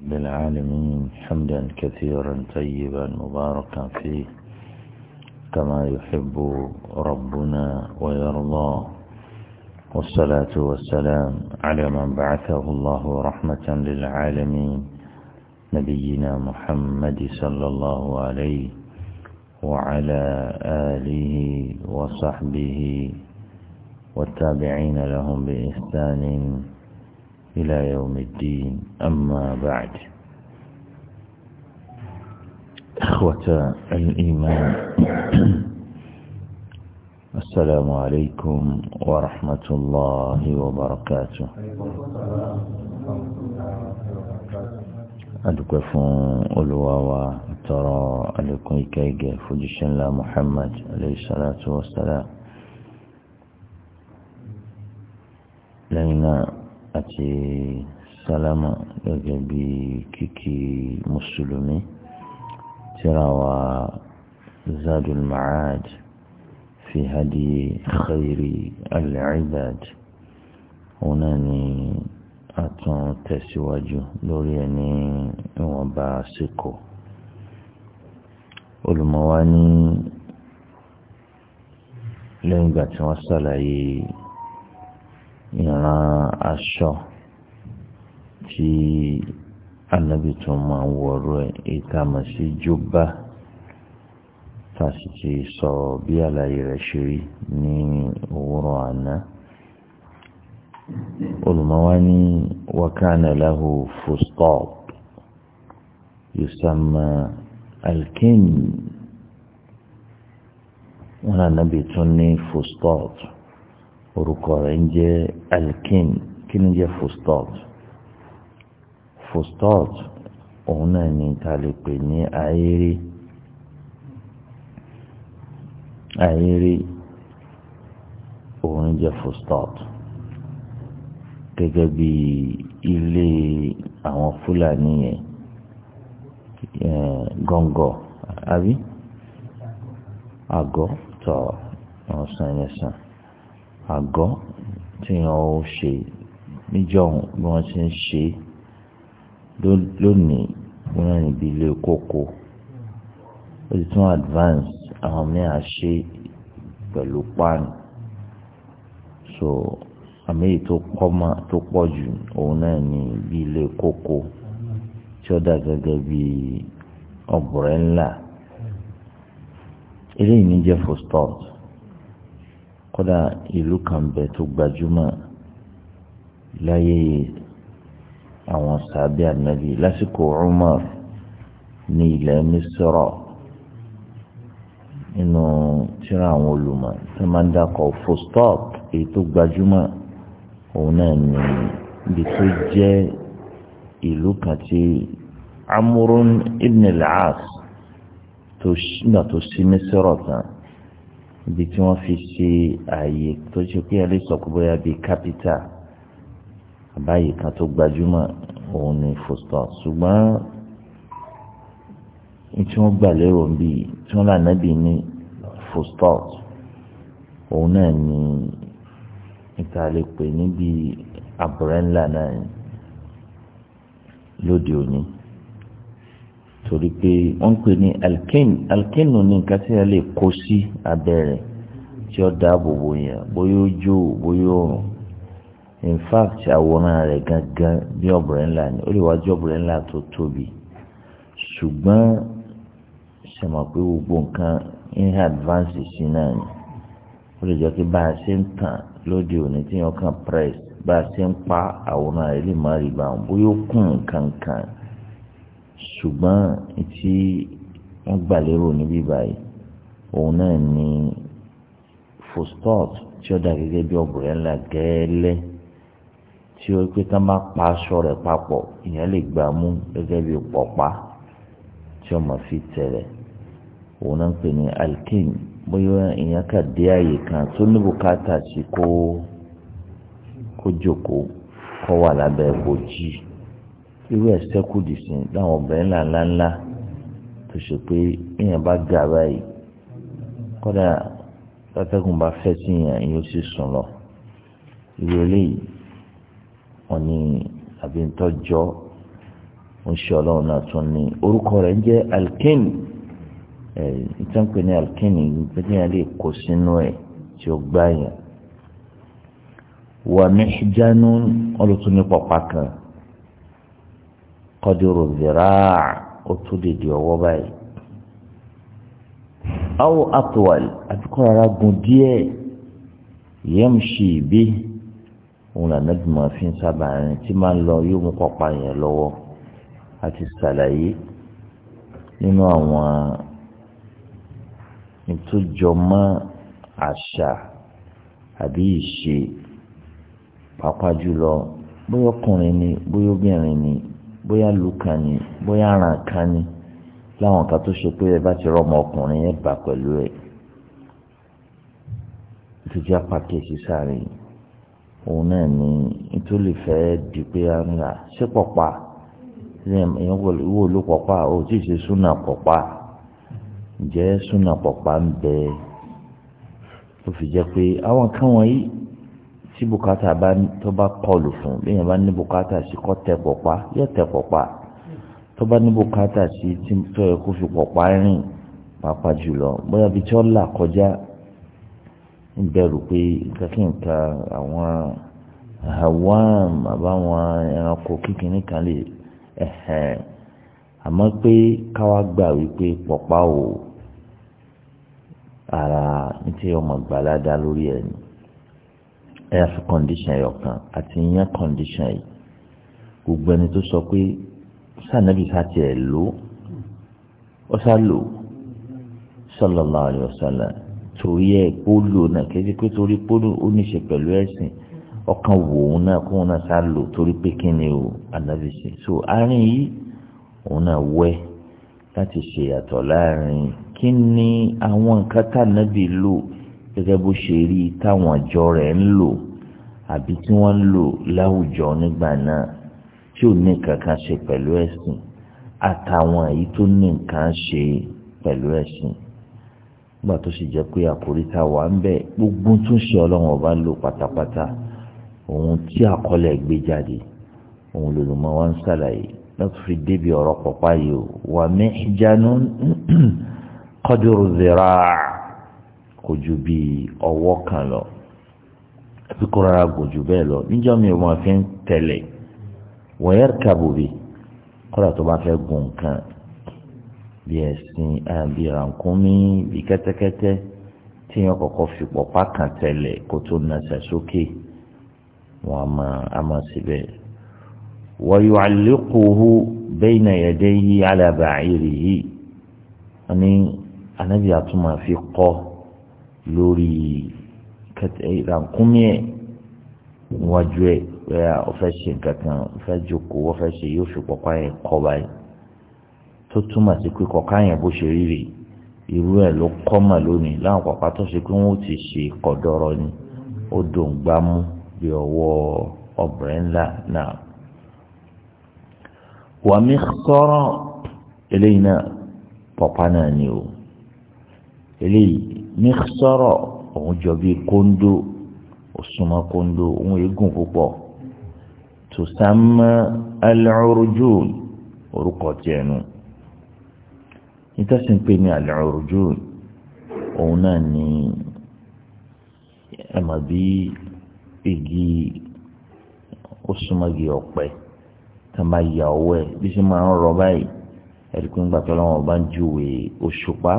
رب العالمين حمدا كثيرا طيبا مباركا فيه كما يحب ربنا ويرضى والصلاة والسلام على من بعثه الله رحمة للعالمين نبينا محمد صلى الله عليه وعلى آله وصحبه والتابعين لهم بإحسان إلى يوم الدين أما بعد أخوة الإيمان السلام عليكم ورحمة الله وبركاته أدقف ألواوى ترى لكم كيقى فجش الله محمد عليه الصلاة والسلام لأننا àti sálámà gẹ́gẹ́ bí kíkí mùsùlùmí tíra wa zadul ma'ad fi hadi khayri al-ibad òun náà ni a tún tẹ̀síwájú lórí ẹni ìwọ̀nba síkò olùmọ̀wá ní lẹ́yìn ìgbà tí wọ́n ṣàlàyé ìran aṣọ tí anábì tún máa ń wọ̀rọ̀ ẹ̀ ìta mọ̀ sí jùbá tá a sì ti sọ bí àlàyé rẹ̀ ṣe rí ní òwúrọ̀ àná olùmọ̀wá ní wákàna lahu fustop yusamma alkin wọn ànábì tún ní fustop orúkọ rẹ̀ ń jẹ́ alkin kí ni jẹ́ fustod fustod òun náà ni ta lè pè ní ayéré ayéré òun jẹ́ fustod gẹ́gẹ́ bí ilé àwọn fúlàní yẹn eh, gọ́ngọ̀ àbí àgọ́ tọ̀ ọ̀sán ẹ̀sán àgọ́ tí wọ́n ó ṣe níjọ́ bí wọ́n ṣe ń ṣe lónìí wọ́n náà níbi ilé kókó ó ti tún advance àwọn mìíràn ṣe pẹ̀lú pan so àmì èyí tó pọ̀ ma tó pọ̀ jù òun náà ní bí ilé kókó tí ó dà gẹ́gẹ́ bí ọ̀bùrẹ́ ńlá eléyìí ní jẹ́ fostop kódà ìlú kan bẹ tó gbajúmọ̀ láyé àwọn sàbí ànábì lásìkò Umar ní ilẹ̀ Misra nínú tíra àwọn olùmọ̀ tó máa ń dákọ̀ fostok èyí tó gbajúmọ̀ òun náà ní ibi tó jẹ́ ìlú kan tí Amurun ibn al-As tó ṣí náà tán ibi tí wọ́n fi ṣe ààyè tó ṣe pé ẹ lè sọ pé bóyá bíi kápítà àbáyé kan tó gbajúmọ̀ òun ni fòsítọ̀ ṣùgbọ́n tí wọ́n gbà lérò ń bí tí wọ́n lànà bí ní fòsítọ̀ òun náà ni níta lè níbi àbúrẹ́ náà lóde òní torí pé wọ́n ń pè ní alkane alkane ní nǹkan tí a lè kó sí abẹ́rẹ́ tí ó dáàbò bò yẹn bóyá ojú bóyá oòrùn in fact àwòrán rẹ̀ gangan bí ọ̀bùrẹ́ ńlá ni ó lè wájú ọ̀bùrẹ́ ńlá tó tóbi ṣùgbọ́n ṣàmọ̀ pé gbogbo nǹkan in advance sí náà ni ó lè jẹ́ pé bá a ṣe ń tàn lóde òní tí wọ́n kàn press bá a ṣe ń pa àwòrán rẹ̀ lè má rí bá wọn bóyá ó kún nǹkan kan. kan ṣùgbọ́n tí wọ́n gbà lérò níbí báyìí òun náà ni fostop tí ó dà gẹ́gẹ́ bí ọ̀bùrẹ́ ńlá gẹ́ẹ́lẹ́ tí ó pé ká má pa aṣọ rẹ̀ papọ̀ ìyẹn lè gbà mú gẹ́gẹ́ bí pọ̀pá tí ọmọ fi tẹ̀lẹ̀ òun náà ń pè ní alkin bóyá ìyẹn kà dé àyè kan tó ní bùkátà sí kó kó jókòó kó wà lábẹ́ bòjì irú ẹ̀ sẹ́kù dì sí láwọn obìnrin ńlá ńlá ńlá tó ṣe pé èèyàn bá gà báyìí kódà látẹ́gùn bá fẹ́ sí yàn èèyàn ó sì sùn lọ irú eléyìí wọn ni àbí ntọ́jọ́ ń ṣe ọlọ́run náà tún ní orúkọ rẹ̀ ń jẹ́ alkin ẹ̀ ìtànpẹ̀ ní alkin gbẹ́dẹ́yà lè kó sínú ẹ̀ tí ó gbá yàn wà mí jánu ọlọ́tún ní pọ̀pá kan kọdúró ziraac ó tún dèdè ọwọ́ báyìí aw atwal àbíkọ rárá gùn díẹ̀ yẹmṣì bí òun ànábì máa fi ń sábà rìn tí máa ń lọ yóò mú kọpa yẹn lọ́wọ́ àti sàlàyé nínú àwọn ìtújọmọ́ àṣà àbí ìṣe pàápàá jùlọ bóyá ọkùnrin ni bóyá obìnrin ni bóyá lù kàn ní bóyá ràn kàn ní láwọn kan tó ṣe pé ẹ bá ti rọmọ ọkùnrin yẹn bà pẹ̀lú ẹ̀ tó jẹ́ pàkíyèsí sáré òun náà ní nítorí fẹ́ di pé a ń rà ṣé pọ̀pá ìyẹn wò ló pọ̀pá ò tí ṣe súnà pọ̀pá ǹjẹ́ súnà pọ̀pá ń bẹ tó fi jẹ́ pé àwọn kan wọ̀nyí tí bùkátà bá tó bá kọlù fún léèyàn bá ní bùkátà sí kọ́ tẹ pọ̀pá yóò tẹ pọ̀pá tó bá ní bùkátà sí tí tó yẹ kó fi pọ̀pá rìn pàápàá jùlọ bóyá bí tí ó là kọjá ń bẹ̀rù pé nǹkan kí nǹkan àwọn àwọn àbáwọn ẹranko kíkìnní kan lè ẹ̀hẹ̀n àmọ́ pé káwá gbà wípé pọ̀pá o ara ní tí ọmọ gbàlá dá lórí ẹ̀ ni air condition ẹ̀yọ̀kan àti yan condition yìí gbogbo ẹni tó sọ pé sànàbì sàtì ẹ̀ lò ó sá lò sallallahu alaihi wasallam torí ẹ̀ pólò náà kéde pé torí pólò ó ní ṣe pẹ̀lú ẹ̀sìn ọkàn wò ó náà kó náà sá lò torí pé kí ni o ànábì ṣe so àárín yìí òun náà wẹ́ láti ṣe ìyàtọ̀ láàrin kí ni àwọn nǹkan tá ànábì lò gẹ́gẹ́ bó ṣe rí táwọn àjọ rẹ̀ ń lò àbí tí wọ́n ń lò láwùjọ nígbà náà tí ò ní kankan ṣe pẹ̀lú ẹ̀sìn àtàwọn èyí tó ní nǹkan ṣe pẹ̀lú ẹ̀sìn nígbà tó sì jẹ́ pé àkórí tá wà ń bẹ̀ gbogbo tó ṣe ọlọ́run ọba lò pátápátá ohun tí àkọlẹ̀ gbé jáde ohun lòlùmọ́ wa ń ṣàlàyé láti fi débi ọ̀rọ̀ pọ̀pá yìí wà mí ìjánu kọ́dùrú zìrà kò ju bí ọwọ́ kan lọ àbí kó rárá gùn jù bẹ́ẹ̀ lọ níjọ́ mi ò máa fi ń tẹ̀lé wọ́yẹ́rì kàbòbí kọ́dà tó bá fẹ́ gùn nǹkan bí ẹ̀sìn bí rànkúnmí bí kẹ́tẹ́kẹ́tẹ́ tíyàn kọ́kọ́ fi pọ̀pá kan tẹ̀lé kó tó nasẹ̀ sókè wọn a máa a máa síbẹ̀. wọ́yọ̀ àlékòó bẹ́ẹ̀nà ẹ̀dẹ́ yìí alábàáyé rèé wọ́n ní anábìyà fi kọ́ lórí ìrànkúnmí eh, ẹ̀ níwájú ẹ̀ bẹ́ẹ̀ ọ̀fẹ́ ṣe nǹkan kan ọ̀fẹ́ jókòó ọ̀fẹ́ ṣe yóò fi kọ́kọ́ yẹn kọ́ báyìí tó túmọ̀ sí pé kọ́kọ́ yẹn bó ṣe rí rèé irú ẹ̀ ló kọ́mọ̀ lónìí láwọn pàpà tó ṣe pé wọ́n ti ṣe kọ̀dọ̀rọ̀ ni ó dùn gbámú bí ọwọ́ ọ̀bẹ̀rẹ̀ ńlá náà. wàmí sọ́rọ̀ eléyìí náà pọ̀pá náà ni o eléyìí mixtọrọ òun jọ bíi kóńdó òsùnmọ kóńdó òun eégún púpọ̀ tùsàmù al-urujun orúkọ tiẹ̀ nù nítòsí ń pè ní al-urujun òun náà ní ẹmọ bí igi òsùnmọgi ọ̀pẹ tá a máa yà ọwọ́ ẹ bí ṣe máa ń rọ báyìí ẹ̀rí pé ń gbàtọ́ lọ́wọ́ bá ń júwèé òṣùpá.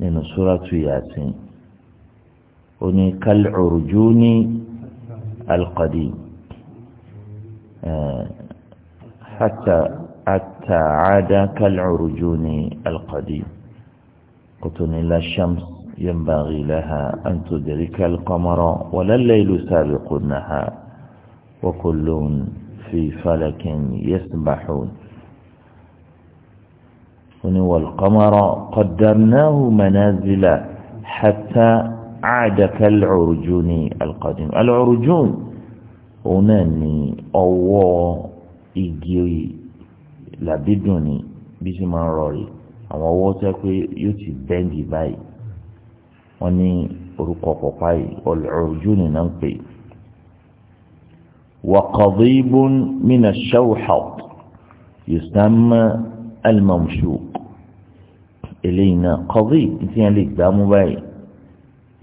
nínú súrátù yàtìn ó ní kálíọ̀rùjú ní alqadi hata hata ada kálíọ̀rùjú ní alqadi kutunila shams ينبغي لها أن تدرك القمر ولا الليل سابق النهار وكل في فلك يسبحون oní wal-qamara qaddarnahu manazila hatta àádá kal-urjuni al-qadim al-urjun òun náà ní ọwọ́ igi làbídùn ni bí sì máa ń rọrì àwọn ọwọ́ tẹ́ pé yóò ti bẹ́ǹdì báyìí wọ́n ní orúkọ pọ̀pá yìí al-urjun ni náà ń pè é wa qadibun mina ash-shawhat yusamma al-mamshuq eléyìí náà kọ́bí tí yẹn lè gbá mú báyìí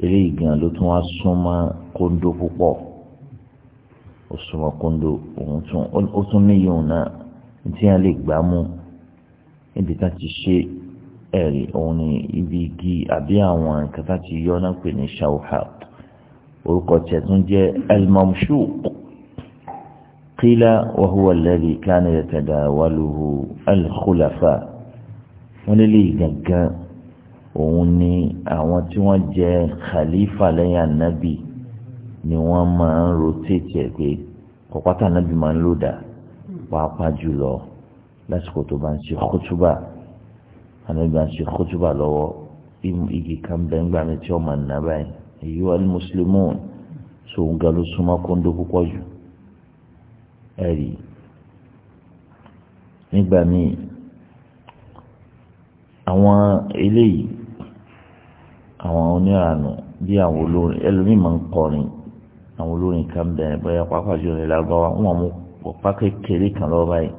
eléyìí gan ló tún wá súnmọ́ kóńdó púpọ̀ ó súnmọ́ kóńdó òun tún ó tún níyì òun náà tí yẹn lè gbá mú níbi tá ti ṣe ẹ̀rí òun ni ibi igi àbí àwọn nǹkan tá ti yọ náà pè ní shawhab orúkọ tiẹ̀ tún jẹ́ al-mamshuq. قيل وهو الذي كان يتداوله الخلفاء ونلي جنجا ووني àwọn tí wọ́n jẹ́ khalifa lẹ́yìn anabi ni wọ́n máa ń rotate ẹ̀ pé kọ̀pátá anabi máa ń lò dá pàápàá jùlọ lásìkò tó bá ń ṣe kótóbà anabi máa ń ṣe kótóbà lọ́wọ́ igi kan bẹ́ẹ̀ ń gbà mí tí wọ́n máa ń nà báyìí èyí wà ní mùsùlùmí so ń ga ló súnmọ́ kóńdó púpọ̀ jù ẹ̀rí nígbà míì àwọn eléyìí àwọn oníranù bí àwọn olórin ẹlòmíì máa ń kọrin àwọn olórin kan bẹ̀rẹ̀ bóyá pápá jù lọ lágbáwá wọn mú ọ̀pá kékeré kan lọ́wọ́ báyìí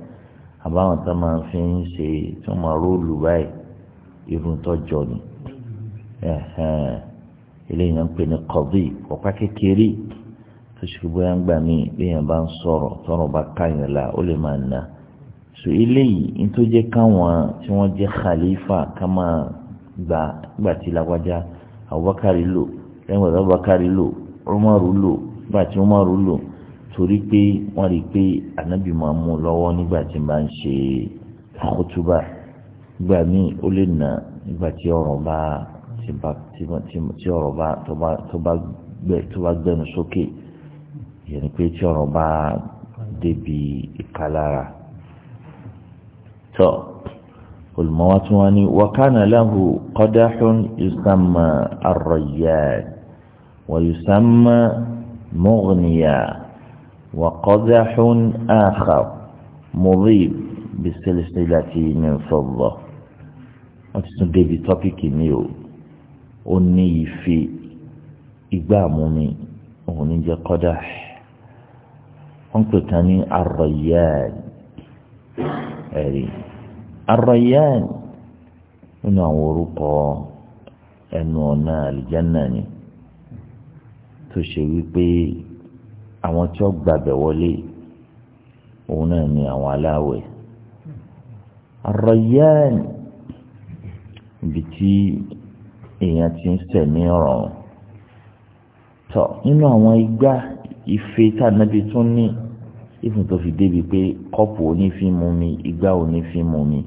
àbáwọn tó máa fi ń ṣe tó máa róòlù báyìí irun tó jọ ni eléyìí náà ń pè ní kọ́bí ọ̀pá kékeré tó ṣe bóyá ń gbà mí béèyàn bá ń sọ̀rọ̀ tọrọ bá káyọ̀ la ó lè máa nà so eléyìí nítorí jẹ́ káwọn tí wọ́n jẹ́ khalifa ká máa gbà gbà tí lágbájá Abubakari lò lẹ́yìn ọ̀dọ́ Abubakari lò Umaru lò gbà tí Umaru lò torí pé wọ́n rí i pé anabi máa mú lọ́wọ́ nígbà tí n bá ń ṣe khutuba gbà míì ó lè nà nígbà tí ọ̀rọ̀ bá tí ọ̀rọ̀ bá tó bá gbẹnu sókè. So yẹn pé tí ọ̀rọ̀ bá débi ìpalára tó olùmọ̀wá tí wọ́n ní wakana lahu qadahun yusamma ar-rayyan wa yusamma mughniya wa qadahun akhar mudib bisilsilati min fidda wọ́n ti tún débi tọ́pìkì mi o ó ní ife igbá àmúmi òun ní jẹ́ qadah wọ́n pè kan ní arọ̀yán ẹ̀rí arọ̀yán nínú àwọn orúkọ ẹnu ọ̀nà àlìjánà ni tó ṣe wípé àwọn tí wọ́n gbàgbẹ́ wọlé òun náà ni àwọn aláwẹ̀ arọ̀yán ibi tí èèyàn ti ń sẹ̀ ní ọ̀rọ̀ tọ̀ nínú àwọn igbá ife tá a nàbí tún ní ìfún tó fi débi pé kọ́pù òní fi mú mi igbá òní fi mú mi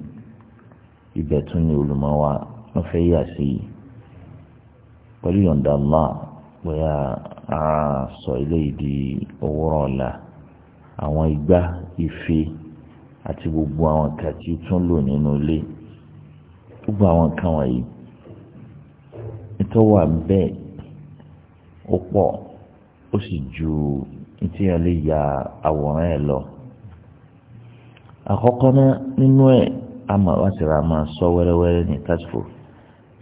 ibẹ̀ tún ni olùmọ̀ wa wọ́n fẹ́ yà sí i pẹ̀lú yọ̀ǹda Allah bóyá a sọ eléyìí di òwúrọ̀ ọ̀la àwọn igbá ife àti gbogbo àwọn nǹkan tí ó tún lò nínú ilé gbogbo àwọn nǹkan wọ̀nyí nítorí wà bẹ́ẹ̀ ó pọ̀ ó sì ju tí a lè ya àwòrán ẹ̀ lọ. àkọ́kọ́ náà nínú ẹ̀ àmọ́ wá sí ra máa sọ wẹ́rẹ́wẹ́rẹ́ ní tásìfò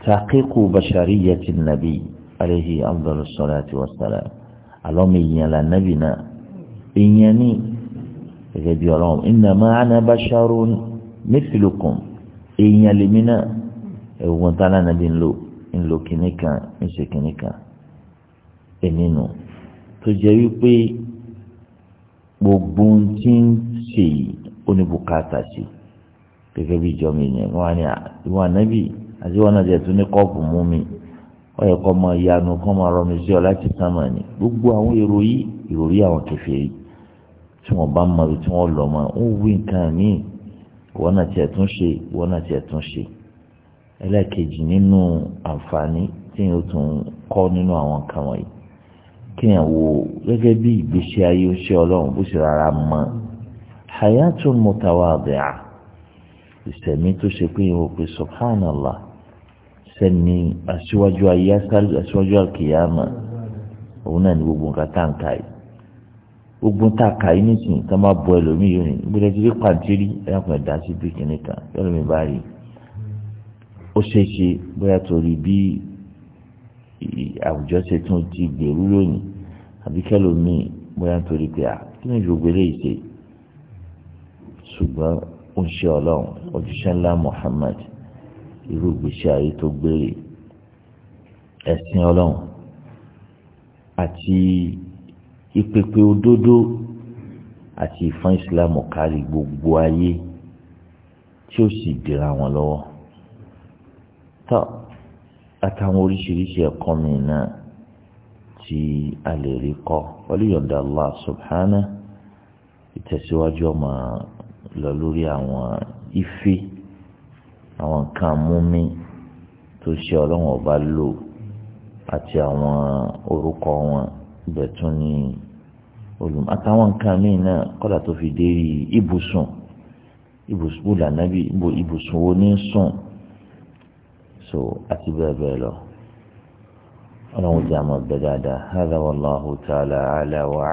tàkíkù bashariyati nàbí alayhi afdalu salati wassalam àlọ́mọ èèyàn là nàbì náà èèyàn ní gẹ́gẹ́ bí ọlọ́run innama ana basharun mithlukum èèyàn lèmi náà ẹ̀wọ̀n tánà nàbì ńlò ńlò kìnnìkan ńṣe kìnnìkan èmi nù tó jẹ́ wípé gbogbo ohun tí ń ṣe oníbùkátà sí gẹ́gẹ́ bí ìjọ mi yẹn wọ́n á ní ìwọ ànábì àti ìwọ náà jẹ́ tún ní kọ́ọ̀pù mú mi wọ́n yẹ kọ́ mọ ìyanu kọ́ mọ ọ̀rọ̀ sí ọ láti sánmà ni gbogbo àwọn èrò yìí èrò yìí àwọn kèfèrí tí wọ́n bá mọ ibi tí wọ́n lọ mọ ń wí nǹkan míì ìwọ náà tiẹ̀ ṣe ìwọ náà tiẹ̀ ṣe ẹlẹ́ẹ̀kejì nínú àǹfààní tí yóò tún kọ́ nínú àwọn nǹkan wọ̀nyí kíyàn wo gẹ́gẹ́ bí ìgbésí ayé ó ṣe ọlọ́run bó ṣe rárá mọ́ hayatu mutawadi'a ìsẹ̀mí tó ṣe pé ìwọ pé subhanallah sẹ́ni aṣíwájú ayé aṣíwájú àkìyàmà òun náà ni gbogbo nǹkan tá à ń ka yìí gbogbo tá a kà yìí nìsín tá a máa bọ ẹlòmíì yìí ni gbọdọ̀ ti rí pàǹtírí ẹ̀yàpọ̀ ẹ̀dá sí bí kìnìkan yọ̀ọ́ mi bá rí i ó ṣeé ṣe bóyá torí bí àwùjọ ṣe tún ti gbèrú lónìí àbí kẹlòmíì bóyá nítorí pé à kí ni gbogbo eléyìí ṣe ṣùgbọ́n ó ń ṣe ọlọ́run òjíṣẹ́ ńlá Muhammad irú ìgbésí ayé tó gbére ẹ̀sìn ọlọ́run àti ìpèpè òdodo àti ìfọ́n ìsìlámù kárí gbogbo ayé tí ó sì dira wọn lọ́wọ́ tó àtàwọn oríṣiríṣi ẹ̀kọ́ mi náà tí a lè rí kọ́ pẹ̀lú yọ̀ǹda Allah subhana ìtẹ̀síwájú ọmọ lọ lórí àwọn ife àwọn nǹkan múmi tó ṣe ọlọ́run ọba lò àti àwọn orúkọ wọn ibẹ̀ tún ni olùmọ̀ àtàwọn nǹkan míì náà kọ́dà tó fi dé ibùsùn ibùsùn wo ní sùn. so àti bẹ́ẹ̀ bẹ́ẹ̀ lọ ọlọ́run jẹ́ àmọ́ bẹ́ẹ̀ hàdà tààlà àlà wà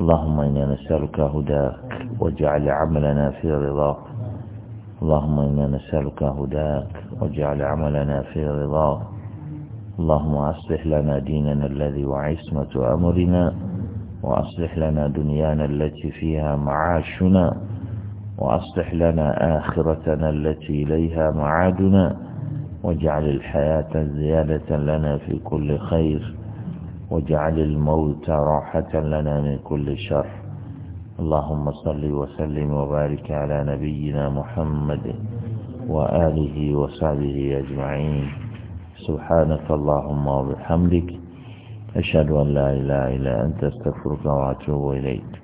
اللهم إنا نسألك هداك واجعل عملنا في رضاك اللهم إنا نسألك هداك واجعل عملنا في رضاك اللهم أصلح لنا ديننا الذي وعصمة أمرنا وأصلح لنا دنيانا التي فيها معاشنا وأصلح لنا آخرتنا التي إليها معادنا واجعل الحياة زيادة لنا في كل خير واجعل الموت راحة لنا من كل شر اللهم صل وسلم وبارك على نبينا محمد وآله وصحبه أجمعين سبحانك اللهم وبحمدك أشهد أن لا إله إلا أنت استغفرك وأتوب إليك